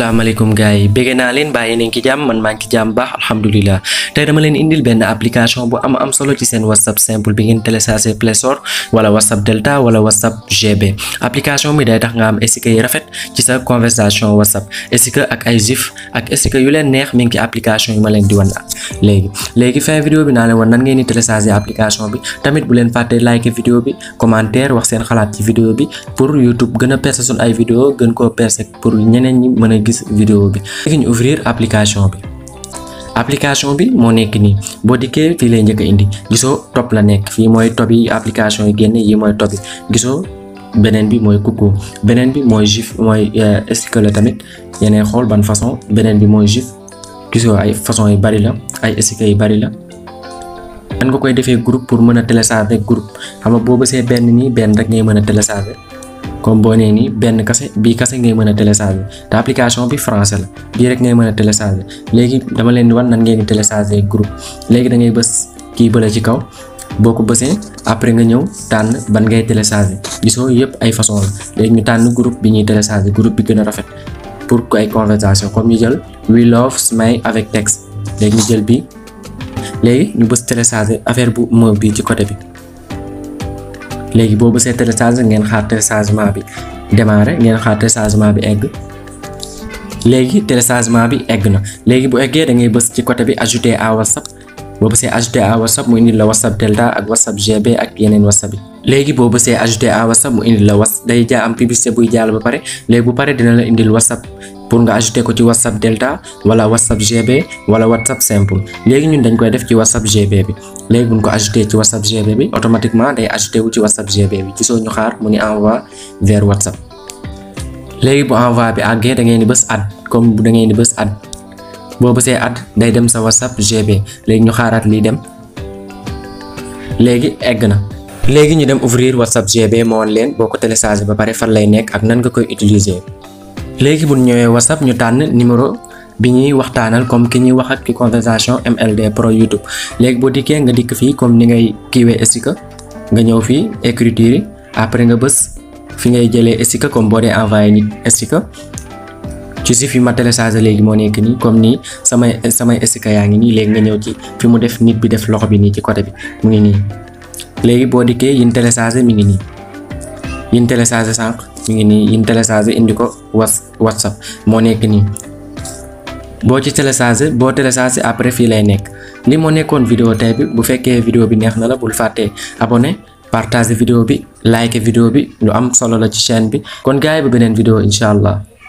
Assalamualaikum guys. Begenalin ba inin kijam man man kijam bah alhamdulillah. Dari malin indil ben application bu am am solo ci sen WhatsApp simple bi ngeen télécharger Play Store wala WhatsApp Delta wala WhatsApp GB. Application mi day tax nga am SDK yu rafet ci sa conversation WhatsApp. SDK ak ay GIF ak SDK yu leen neex mi ngi application yu ma di wan léegi. Léegi fin video bi na leen wan nan ngeen ni télécharger application bi. Tamit bu leen fàtte like video bi, commentaire wax seen xalaat ci video bi pour YouTube gëna percer sun ay vidéo gën ko percer pour ñeneen ñi mëna gis vidéo bi léegi ñu ouvrir application bi application bi moo nekk nii boo dikkee fii lay njëkk a indi gisoo top la nekk fii mooy top yi application yi génn yi mooy top yi gisoo beneen bi mooy coucou beneen bi mooy gif mooy euh, sticker la tamit yeneen xool ban façon beneen bi mooy gif gisoo ay façon yu bari la ay sticker yu bari la dan nga koy defee groupe pour mën a télécharger groupe xam nga boo bësee benn nii benn rek ngay mën a télécharger comme boo nee nii benn kase bii kase ngay mën a télécharger te application bi français la bii rek ngay mën a télécharger léegi dama leen di wan nan ngeen di groupe léegi da ngay bës kii bële ci kaw boo ko bësee après nga ñëw tànn ban ngay télécharger gisoo yëpp ay façon la léegi ñu tànn groupe bi ñuy télécharger groupe bi gën a rafet pour ay conversation comme ñu jël we love smile avec texte léegi ñu jël bi léegi ñu bës télécharger affaire bu mo bi ci côté bi léegi boobu c'est télécharge ngeen xaar téléchargement bi démarré ngeen xaar téléchargement bi egg léegi téléchargement bi egg na léegi bu eggee da ngay bës ci côté bi ajouter à whatsapp boo bësee ajouter à whatsapp mu indi la whatsapp delta ak whatsapp gb ak yeneen whatsapp bi léegi boo bësee ajouter à whatsapp mu indi la was day jaa am publicité buy jàll ba pare léegi bu pare dina la indil whatsapp pour nga ajouter ko ci whatsapp delta wala whatsapp gb wala whatsapp simple léegi ñun dañ koy def ci whatsapp gb bi léegi buñ ko ajouter ci whatsapp gb bi automatiquement day ajouter wu ci whatsapp gb bi gisoo ñu xaar mu ngi vers whatsapp léegi bu envoi bi àggee da ngeen ni bës add comme bu da ngeen ni bës add boo bësee add day dem sa whatsapp gb léegi ñu ad, lii dem léegi egg na ñu dem ouvrir whatsapp gb moo leen boo ko téléchargé ba pare fan lay nekk ak nan nga koy utiliser léegi bu ñëwee whatsapp ñu tànn numéro bi ñuy waxtaanal comme ki ñuy wax ak ci conversation MLD pro YouTube léegi boo dikkee nga dikk fii comme ni ngay kiiwee sticker nga ñëw fii écriture yi après nga bës fi ngay jëlee sticker comme boo dee envoyé nit sticker ci si fi ma téléchargé léegi moo nekk nii comme nii samay samay sticker yaa ngi nii léegi nga ñëw ci fi mu def nit bi def loxo bi nii ci côté bi mu ngi nii léegi boo dikkee yin téléchargé mi ngi nii mi ngi nii yin téléchargé indi ko was whatsapp moo nekk nii boo ci téléchargé boo téléchargé après fii lay nekk li moo nekkoon video tey bi bu fekkee video bi neex na la bul fàttee abone partage vidéo bi like vidéo bi lu am solo la ci chain bi kon gaay ba beneen vidéo incha allah